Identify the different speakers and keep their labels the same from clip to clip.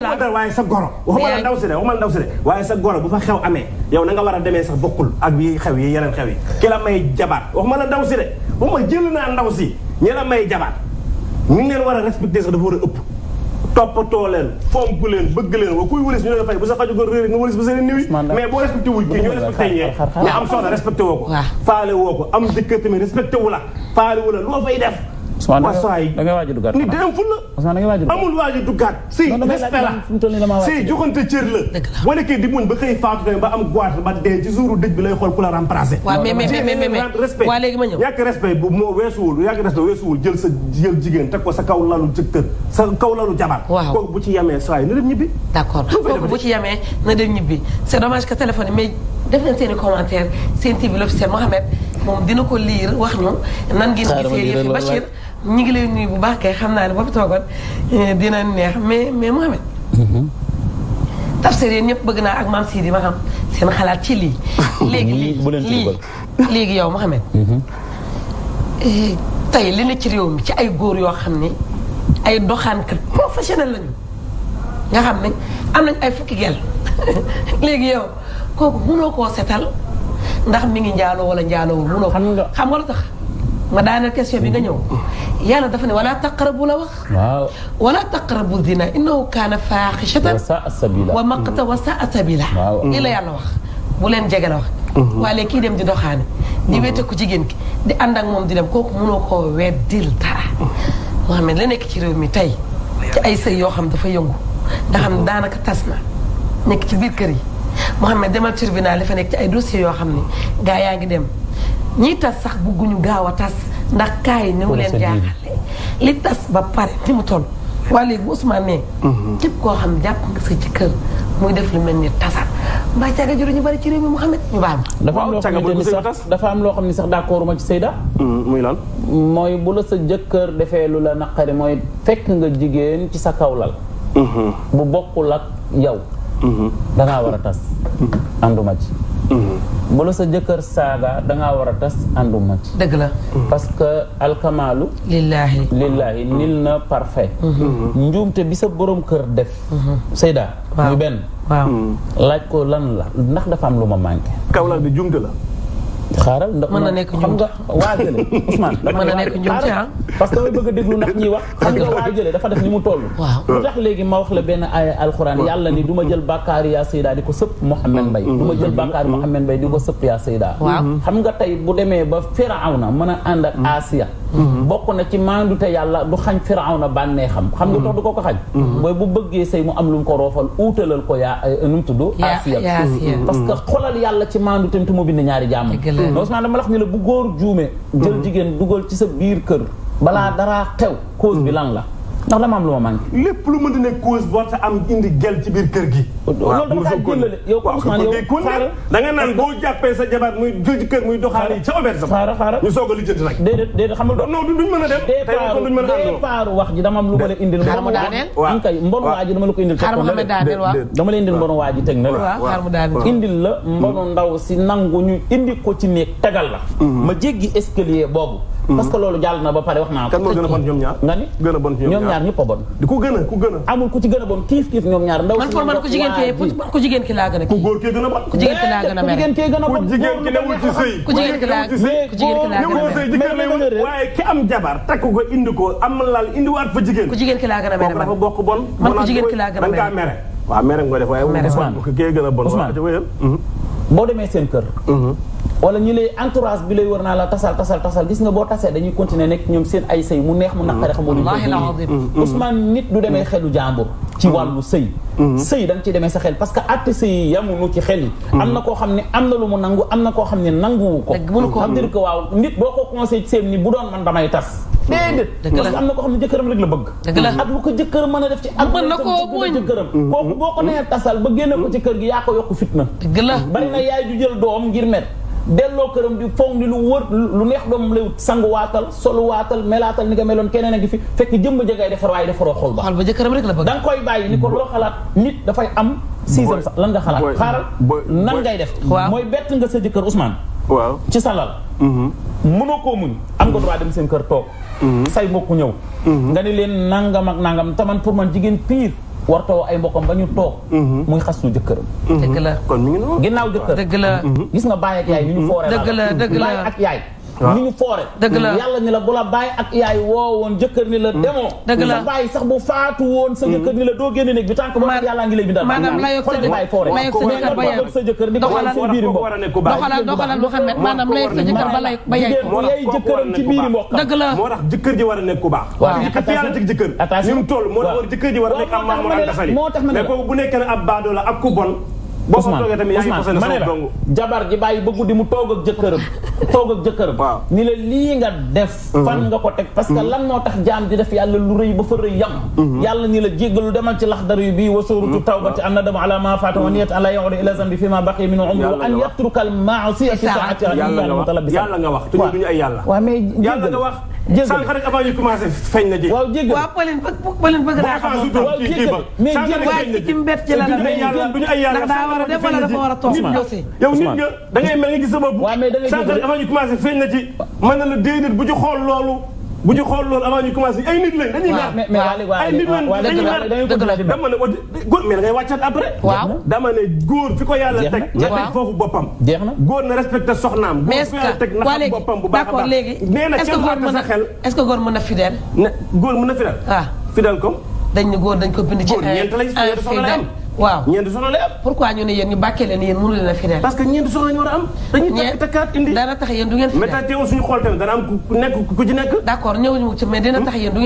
Speaker 1: waaye sa goro waxuma la ndaw si de waxuma la ndaw si de waaye sa goro bu fa xew amee yow na nga war a demee sax bokkul ak yi xew yi yeneen xew yi ki la may jabaat waxuma la ndaw si de waxuma jël naa ndaw si ñi la may jabaat ni ngeen war a respecté sax dafa war a ëpp toppatoo leen fonk leen bëgg leen wa kuy wëlis ñu la fay bu sa xaju ko réer nga wëlis bu seen niwi mais boo respecté wul kii ñoo respecté ñee mais am soxna respecté woo ko faale woo ko am dëkkër tamit respecté wu la faale wu la loo fay def Ousmane da ngay waaj a duggaat. nit day am ful la. Ousmane da ngay waaj a duggaat amul a duggaat. si respect
Speaker 2: la si
Speaker 1: la. dëgg kii di muñ ba xëy faatu tamit ba am goitre ba dee jigéen teg ko sa kaw lalu jabar. kooku bu ci yamee saa yi na
Speaker 3: dem ñibbi. d'accord kooku bu ci yamee na dem ñibbi c'est dommage que téléphone mais def leen seen commentaire seen TV l'officiel Mohamed moom dina ko liir wax ñu nan ngeen gisee yëfi Bachir ñu ngi lay nuyu bu baax kay xam naa ne boobu toogoon dina neex mais mais Mohamed tafsir yéen ñëpp bëgg naa ak maam Sidi ma xam seen xalaat ci lii léegi lii léegi yow Mohamed tey li na ci réew mi ci ay góor yoo xam ne ay doxaankat professionnel lañu nga xam ne am nañ ay fukki gel léegi yow kooku mënoo koo setal ndax mi ngi njaaloo wala njaalowul munoo xam nga xam nga tax ma daaneel question bi nga ñëw yàlla dafa ne wala taqrabu la wax waaw wala taqrabu zina innahu kaana faaxishatan wa maqta wa saa sabila lii la yàlla wax bu leen jege la wax mm-hmm. waa kii dem di doxaane di mm-hmm. wéete ku jigéen ki di ànd ak moom di dem kooku mënoo koo weddil dara moo xam ne la nekk ci réew mi tey ci ay sëy yoo xam dafa yëngu nga xam mm-hmm. tas na nekk ci biir kër yi Mouhamed demal tribunal dafa nekk ci ay dossiers yoo xam ne gaa yaa ngi dem ñiy tas sax bugguñu gaaw a tas ndax kaa yi ni mu leen jaaxale li tas ba pare ni mu toll waa léegi bu Ousmane ne mhm. képp koo xam ne jàpp nga sa ci kër muy def lu mel ni tasaat mbaa caaga juru ñu bari ci réew mi Mouhamed ñu baal ma
Speaker 2: dafa am loo xam ne sax d'accord ma ci Seyda mhm, muy lan mooy bu la sa jëkkër defee lu la naqari mooy fekk nga jigéen ci sa kawlal mhm. bu bokkul ak yow Mm-hmm. danga war a tas ànduma mm-hmm. ci mm-hmm. bu la sa jëkkër saaga dangaa war a tas ànduma ci dëgg la parce que alkamaalu lillaahi lillaahi nil na parfait njuumte bi sa borom kër def Seyda muy benn laaj ko lan la ndax dafa am lu ma manqué Kaolack bi njuumte la xaaral ndax mën na nekk xam nga waajale Ousmane dama na nekk njuum ci parce que damay bëgg a déglu ndax ñuy wax xam nga waajale dafa def ni mu toll lu tax léegi ma wax la benn aaya alxuraan yàlla ni du ma jël bàkkaar yaa sayda di ko sëpp Mouhamed Mbaye mm-hmm. du ma jël bàkkaar mm-hmm. Mouhamed Mbaye di ko sëpp yaa sayda mm-hmm. xam nga tey bu demee ba Firawna mën a ànd ak Asiya bokk na ci maandute yàlla du xañ Firawna bànnee xam xam nga tax du ko ko xañ booy bu bëggee sëy mu am lu ko roofal uutalal ko yaa eh, nu mu tudd Asiya parce xolal yàlla ci maandutem mu bind ñaari jàmm Ousmane mmh. mmh. dama lax ni la bu góor juume jël mmh. jigéen dugal ci sa biir kër balaa dara tew cause bi lan la ndax dama am lu ma manqué. lépp lu mënti ne cause boo ta am
Speaker 1: indi gel ci biir kër gi. waaw mosoo ko yow da nga naan boo jàppee sa jabar muy jël kër muy doxaani ca obet sama. xaaral xaaral ñu soog a lijjanti nag. déedéet déedéet xam nga non duñ mën a dem.
Speaker 3: duñ
Speaker 2: mën a àndoo départ wax ji dama am lu ma la indil. xaaral mu daaneel waa ji dama la ko indil. xaaral mu daaneel dama la indil na la. waaw xaaral mu daaneel la mm. mbonu ndaw si nangu ñu indi ko ci néeg tegal la mm-hmm. ma jéggi escalier boobu parce loolu jàll na ba pare wax naa a bon ñoom ñaar nga ni. gën a bon ñoom ñaar ñëpp a bon. ku gën a ku gën a. amul ku ci gën a bon kiif kiif
Speaker 1: ñoom
Speaker 3: ñaar ndaw. man man ku jigéen ki laa gën a.
Speaker 1: ki am jabar takk ko indi ko am lal indiwaat fa jigéen. ku jigéen ki laa gën a mer man dafa ki laa gën a nga
Speaker 2: def waaye. mer Ousmane kee gën a bon. Ousmane boo demee seen kër. wala ñi lay entourage bi lay wër naa la tasal tasal tasal gis nga boo tasee dañuy continuer nekk ñoom seen ay sëy mu neex mu naqari xamoo lu mm-hmm. Ousmane nit du demee mm-hmm. xelu jàmbur ci mm-hmm. ciy demee sa parce que àtte sëy yi ci xel yi am na koo xam ne am na lu mu nangu am na koo xam ne nanguwu ko xam dire que waaw nit boo ko conseil ci ni bu doon man damay tas déedéet parce que na koo xam ne jëkkëram rek la bëgg ak lu ko jëkkër mën a def ci ak mën na koo muñ jëkkëram kooku boo ko nee tasal ba génne ko ci kër gi yaa ko yokku fitna bari na yaay ju jël doom ngir met delloo këram di foog ni lu wër lu neex doom lay sanguwaatal soluwaatal melaatal ni nga meloon keneen a ngi fi fekk jëmm jëgay defar waaye defaroo xol ba. xol ba jëkkëram rek la bëgg. da nga koy bàyyi ni ko loo xalaat nit dafay am. sixième sax lan nga xalaat xaaral nan ngay def. waaw mooy bett nga sa jëkkër Ousmane. waaw ci sa lal. Mm-hmm. mënoo koo muñ am nga waa dem seen kër toog. Mm-hmm. say mbokku ñëw. Mm-hmm. nga ni leen nangam ak nangam taman pour man jigéen pire. wartoo ay mbokkam ba ñu toog mhm. muy xas lu jëkkëram dëgg la mhm. kon mi ngi noonu ginnaaw jëkkër dëgg la mhm. gis nga baay ak yaay ni ñu fooree dëgg la dëgg la baay ak yaay ni ñu foore yàlla ni la bu la bàyyi ak yaay woo woon jëkkër ni la mm. demoo sa bàyyi sax bu faatu woon sa jëkkër ni la doo génne néeg bi tant que moom yàllaa ngi lay bindal maanaam la yokk sa jëkkër ni ko ci biiri mbokk doxalal doxalal Mouhamed maanaam la
Speaker 3: yokk sa jëkkër ba lay ba yaay ko
Speaker 1: yay jëkkëram ci biiri mbokk dëgg la moo tax jëkkër ji war a nekk ku baax fi yàlla teg jëkkër ni mu toll moo tax jëkkër ji war a nekk am maam moo tax ma ne mais kooku bu nekkee ne ab baadoo la ak ku bon boo ko toogee tamit yaa ngi posé ma ne la jabar ji bàyyi ba
Speaker 2: guddi mu toog ak jëkkëram toog ak jëkkëram waaw ni la lii nga def mhm. fan nga ko teg parce que mhm. lan moo tax jaam di def yàlla lu rëy ba fa rëy yam mhm. yàlla ni la jéggalu demal ci lax dara yu bii wa suuratu tawbati an nadama ala ma faata wa niyat ala yaudu ila zambi fi ma baqiya min umri wa an yatruka al maasiya fi saati yàlla nga wax yàlla nga wax te ñu duñu ay yàlla waaw mais yàlla nga wax jéggal sànq rek avant
Speaker 3: ñu commencé na ji. waaw jéggal waaw waaw jéggal mais jéggal waaye ci mbett ci la la mais yàlla duñu ay yàlla. ndax daa war a def wala a toog yow nit nga da ngay mel
Speaker 1: ni na ci. mën na la bu ci xool loolu. bu ñu xool loolu avant ñu commencé ay nit lañ dañuy mer. Ah, mais ay nit lañ dañuy mer dëgg la dama ne góor mais waaw dama ne góor fi ko yàlla teg. na teg foofu boppam. jeex na góor na
Speaker 3: respecté soxnaam. góor fi yàlla teg na xam boppam bu baax a baax nee na kenn wàcc sa xel est-ce que góor mën na fidèle. ne góor mën na fidèle. waaw ah. fidèle comme. dañ ne góor ko bind ci. góor ñeent lay fidèle soxna am waaw ñeenti soxna lay am. pourquoi ñu ne yéen ñu bàkkee leen yéen mënu leen a final. parce que ñeenti soxna ñu war am. dañuy tax yéen du ngeen final hmm? du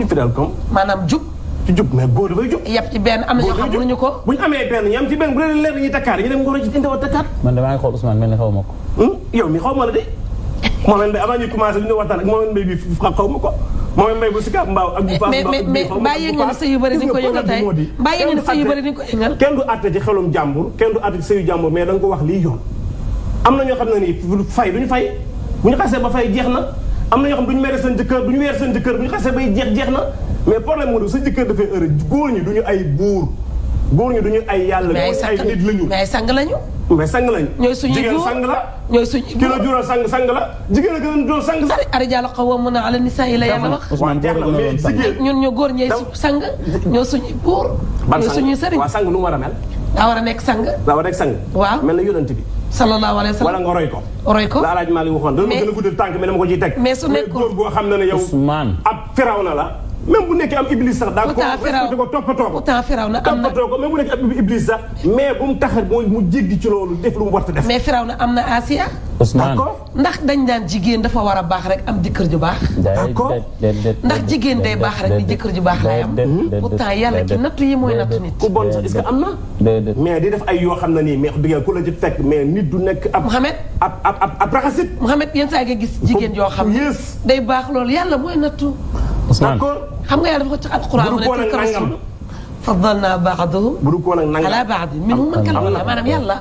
Speaker 3: ñu final comme. maanaam jub. ci jub mais góor dafay jub. yab ci benn am
Speaker 1: ñoo xam mënuñu ko. bu ñu amee benn ñam ci benn bu leen leer dañuy takkaat ñu dem ngoro ci indi wa
Speaker 3: man damaa ngi xool Ousmane mel
Speaker 1: ni xaw mooy may bu Sicap Mbao ak bu Fass Mbao. mais yëngal tey bàyyi ngeen ko yëngal. kenn du àtte ci xelum jàmbur kenn du àtte ci sëyu jàmbur mais da ko wax lii yoon. am na ñoo xam ne nii fay du ñu fay bu ñu xasee ba fay jeex na am na ñoo xam du ñu mere seen jëkkër du ñu weer seen jëkkër bu ñu xasee bay jeex jeex na mais problème moo du sa jëkkër dafay heure góor ñi du ñu ay buur
Speaker 3: góor du duñu ay yàlla ñooy ay nit lañu mais sang lañu mais sang lañu ñooy jigéen sang la ñooy suñu ki la jural sang sang la jigéen a gën a doon sang sax arijaal la yàlla wax ñun góor ñooy sang ñooy suñuy buur ñooy suñuy sëriñ waaw sang nu war a mel daa war a nekk sang daa war a nekk sang waaw mel na yonent bi sallallahu alayhi wa
Speaker 1: sallam wala nga ko roy ko la alaaj maa li waxoon dama teg mais su góor boo xam ne ne yow ab firaw na la même bu nekk am iblis sax daal toppatoo ko toppatoo ko
Speaker 3: même bu nekkee am iblis sax mais bu mu tax mooy mu jéggi ci loolu def lu mu war a def mais firaw na am na Asiya d'accord ndax dañ daan jigéen dafa war a baax rek am jëkkër ju baax d'accord ndax jigéen day baax rek ni jëkkër ju baax lay am pourtant yàlla ci nattu yi mooy nattu nit
Speaker 1: ku bon sax est-ce am na mais di def ay yoo xam ne nii mais du ku la ci fekk mais nit du nekk ab Mouhamed
Speaker 3: ab ab ab raxasit Mouhamed yenn saa nga gis jigéen yoo xam ne day baax loolu yàlla mooy nattu d'accord xam nga yàlla dafa ko ci alquran mu ne tilka rasul faddalna baadahum ala baadin minhum man kalama Allah maanaam yàlla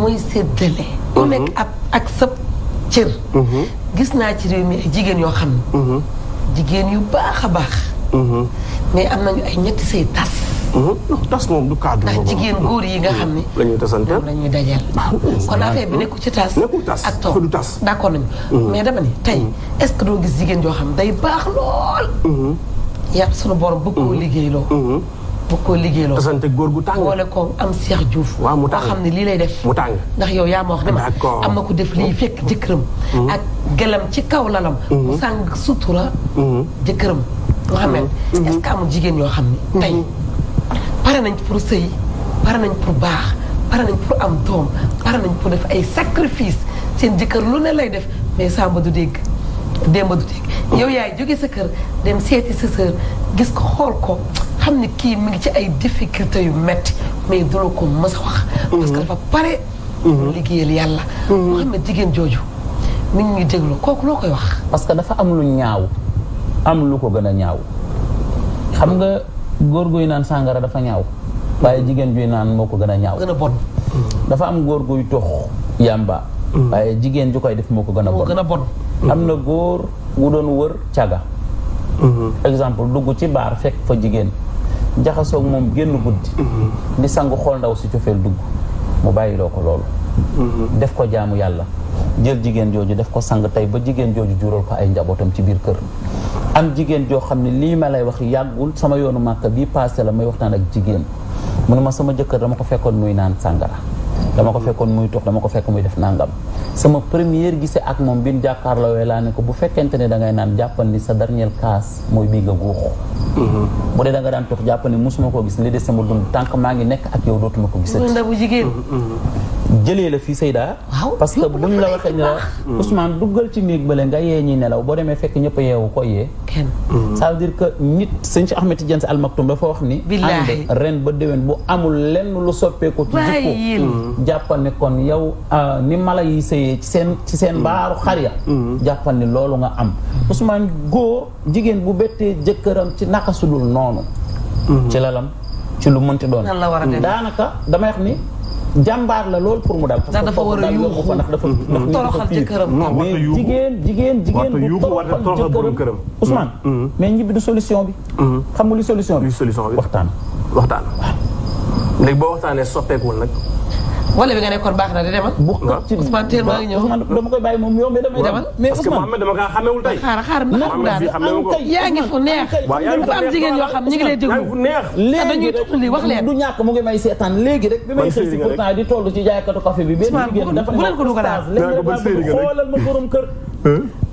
Speaker 3: mooy séddale ku nekk ak ak sab cër gis naa ci réew mi ay jigéen yoo xam ne jigéen yu baax a baax mais am nañu ay ñetti say tas tas moom du cadre ndax jigéen góor yi nga xam ne. la ñuy tasante moom ñuy dajeel. Ah, kon affaire nekku ci tas. nekkul tas d' accord nañu. mais dama ni tey est ce que doo gis jigéen joo xam day baax lool. yàq sunu borom bëgg koo liggéeyloo. bëgg koo liggéeyloo. tasante góor gu tàng. boole ko am Cheikh Diouf. waaw mu tàng xam ne lii lay def. mu tàng ndax yow yaa ma wax ne ma. am na ko def lii fekk jëkkëram. ak gelam ci kaw lalam. mu sàng sutura. jëkkëram. Mouhamed est ce que amul jigéen yoo xam ne tey pare nañ pour sëy pare nañ pour baax pare nañ pour am doom pare nañ pour def ay sacrifice seen jëkkër lu ne lay def mais Samba du dégg Demba du dégg. yow yaay jóge sa kër dem seeti sa sœur gis ko xool ko xam ne kii mi ngi ci ay difficultés yu metti mais du la ko mës a wax. Mhm. parce que dafa pare. Mhm. liggéeyal yàlla. mu xam ne jigéen jooju nit ñi déglu kooku loo koy wax. parce que dafa am lu ñaaw
Speaker 2: am lu ko gën a ñaaw góor guy naan sàngara dafa ñaaw waaye jigéen juy naan moo ko gën a ñaaw gën dafa am góor guy tox yàmba waaye jigéen ju koy def moo ko gën a bon a bon am na góor gu doon wër caga exemple dugg ci baar fekk fa jigéen jaxasoog moom génn guddi di sangu xool ndaw si cofeel dugg mu bàyyi bàyyiloo ko loolu def ko jaamu yàlla jël jigéen jooju def ko sang tey ba jigéen jooju jural ko ay njabootam ci biir kër am jigéen joo xam ne lii ma lay wax yàggul sama yoonu màkk bii passé la may waxtaan ak jigéen mu ne ma sama jëkkër dama ko fekkoon muy naan sàngara dama ko fekkoon muy tux dama ko fekk muy def nangam sama première gisee ak moom bi ñu jàkkaarloowee laa ne ko bu fekkente ne da ngay naan jàppal ni sa dernier kaas mooy bii nga guux mhm. bu dee da nga daan tux jàppal ni musuma koo gis li des sama dund tànk maa ngi nekk ak yow dootuma ko gisati ndabu jigéen mhm, mhm. jëlee la fi Seyda. waaw parce que buñ la waxee ne la hmm. Ousmane duggal ci néeg bële nga yee ñi nelaw boo demee fekk ñëpp yeewu ko yee. kenn hmm. ça que nit sëñ si Ahmed Tidiane Sy Al Maktoum dafa wax ni. billaahi ren ba déwén bu amul lenn lu soppeeku. ci jikko hmm. jàppal ne kon yow euh, ni mala yi sëyee ci seen ci seen baaru xar ya. jàppal ni loolu nga am. Ousmane góor jigéen bu bettee jëkkëram ci naka sudul noonu. ci lalam ci lu mënti doon. daanaka damay wax ni. jàmbaar la lool pour mu dal. ndax dafa war a yuuxu ndax dafa
Speaker 1: toroxal jëkkëram. mais jigéen jigéen jigéen bu toroxal jëkkëram
Speaker 2: Ousmane. Mm-hmm. Mm-hmm. mais ñibbi du solution bi. Mm-hmm. xam nga li solution bi. li solution bi waxtaan. waxtaan
Speaker 3: léegi boo waxtaanee
Speaker 2: soppeekuwul nag.
Speaker 3: wala bi nga nekkoon baax na di demal. bu ci Ousmane teel maa ngi ñëw dama koy bàyyi moom yow mais demal. mais xaaral xaaral na xam daal yaa ngi fu neex. waaw am jigéen yoo xam ñu ngi lay déglu. léegi rek du
Speaker 2: ñàkk mu ngi may seetaan léegi rek. bi may xëy si pourtant di toll ci jaaykatu café bi. benn jigéen dafa nekk bu leen ko dugalal. léegi rek xoolal ma borom kër.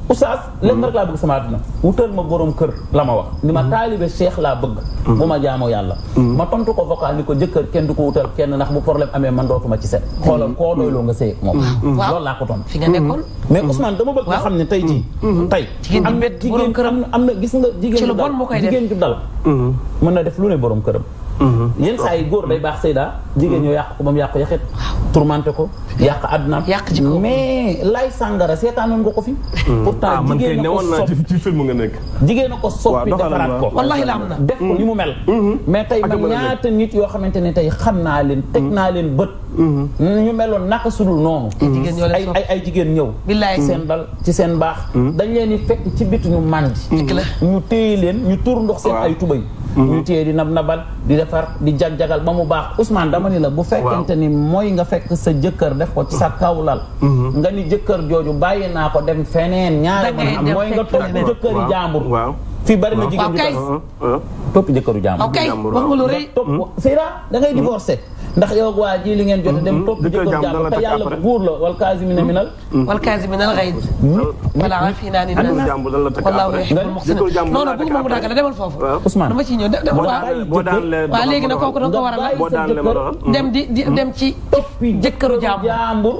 Speaker 2: oustaz lenn rek laa bëgg sama àdduna wutal ma borom kër la ma wax ni ma mm-hmm. taalibe cheikh laa bëgg mm-hmm. bu ma jaamoo yàlla mm-hmm. ma tontu ko vocal ni ko jëkkër kenn du ko wutal kenn ndax bu problème amee man dootuma ci set xoolal koo doyloo nga sëy moom loolu laa ko tontu fi nga nekkoon mais Ousmane dama bëgg nga xam ne tey jii tey am na jigéen am na gis nga jigéen ju dal jigéen ju dal mën na def lu ne borom këram Mm-hmm. yenn saa yi góor day baax Seyda. jigéen ñoo yàq ko ba mu yàq yaxet. tourmenté ko yàq àdduna. yàq ci ko mais lay sàngara seetaanoon nga ko fi. Mm-hmm. pourtant ah, jigéen na ko soppi ci film jigéen na ko soppi defaraat ko. na def ko ni mu mel. Mm-hmm. mais tey man ñaata nit yoo xamante ne tey xam naa leen. teg naa leen bët. ñu meloon naka sudul noonu. ay ay ay jigéen ñëw. billaay seen dal ci seen baax. dañ leen di fekk ci bitu ñu màndi. ñu téye leen ñu tuur ndox seen ay tubay. Mhm. ñu téye di nab nabal di defar di jag-jagal ba mu baax Ousmane dama ni la bu fekkente ni mooy nga fekk sa jëkkër def ko ci sa kawlal mhm. nga ni jëkkër jooju bàyyi naa ko dem feneen ñaari mën am mooy nga topp jëkkëri jaambur fii bari na jigéen ji topp jëkkëru jaambur topp jëkkëru jaambur topp Seyda da ngay mhm. ndax yow ak waa ji li ngeen jot a dem topp jëkkër jàmm te yàlla buur la wal
Speaker 3: kaazimina minal wal al ghayd wala afina ni nas wallahu yuhibbul muhsinin non non bëgguma mu dàggale demal foofu Ousmane dama ciy dem di dem ci jëkkëru jàmbur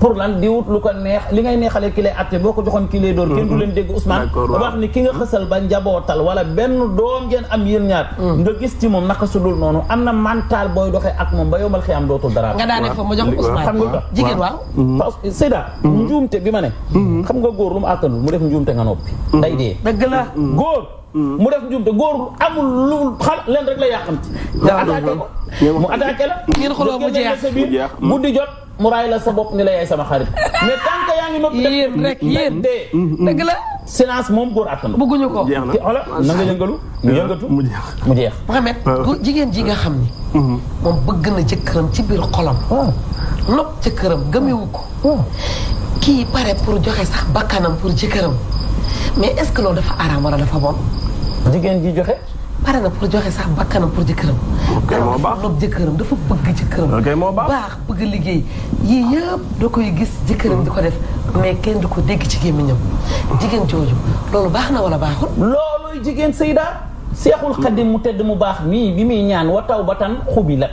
Speaker 3: pour
Speaker 2: lan di wut lu ko neex li ngay neexale ki lay atté boko ko ki lay dor ken du len dégg Ousmane wax ni ki nga xessal ba njabotal wala benn doom gen am yeen ñaar mm. nga gis ci mom naka su dul noonu am mental boy doxé ak mom ba yombal xiyam dootul dara nga daane fa mo jox Ousmane xam nga jigen wa mm-hmm. parce que mm-hmm. njuumte bi ma ne mm-hmm. xam nga gor lu mu àttanul mu def njumte nga nopi day dé deug la gor mu def njumte gor amul lu xal len rek la yàqamti mu attaqué la ngeen xolo mu jeex mu di jot mu raay la sa bopp ni la yaay sama xarit mais tant que yaa ngi noppi yéen rek yéen de mm, mm, mm. dëgg la silence moom góor àttanu bëgguñu ko xoola na nga yëngalu mu yëngatu mu jeex mu jeex Mohamed ah.
Speaker 3: jigéen ji nga xam ni mm-hmm. moom bëgg na jëkkëram ci biir xolam ah. nopp jëkkëram gëmewu ko ah. kii pare pour joxe sax bakkanam pour jëkkëram mais est-ce que dafa araam wala dafa bon jigéen ji joxe pare na pour joxe sax bakkanam pour jëkkëram. kay moo baax nopp jëkkëram dafa bëgg jëkkëram. kay moo baax baax bëgg liggéey yii yëpp da koy gis jëkkëram di ko def mais kenn du ko dégg ci gémmiñam jigéen jooju loolu baax na wala baaxul.
Speaker 2: looluy jigéen Seyda. Seexul Xadim mu tedd mu baax mii bi muy ñaan wa tawbatan xubilat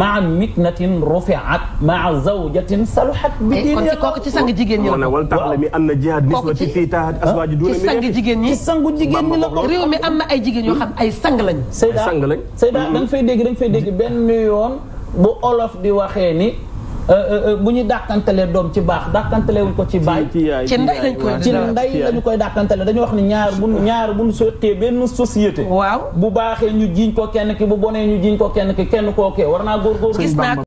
Speaker 2: maa miknatin rufiat maa zawjatin saluhat bi diin eh, kon kooku ci sang jigéen ñi la wal taxla mi am na jihaad niswati fii tahaat aswaji duuna ci sang
Speaker 3: jigéen ñi ci sangu jigéen ñi la ko réew mi am na ay jigéen yoo xam ay sang lañ sang lañ Seyda da nga fay dégg da nga fay
Speaker 2: dégg benn yoon bu olof di waxee ni Euh, euh, euh, bu ñu dàkkantalee doom ci baax dàkkantalewuñ ko ci baay ci ndey lañu koy dàkkantale dañu wax ne ñaar bu ñaar bu ñu sottee benn société waaw bu baaxee ñu jiiñ ko kenn ki bu bonee ñu jiiñ ko kenn ki kenn koo kookee war naa góorgóorlu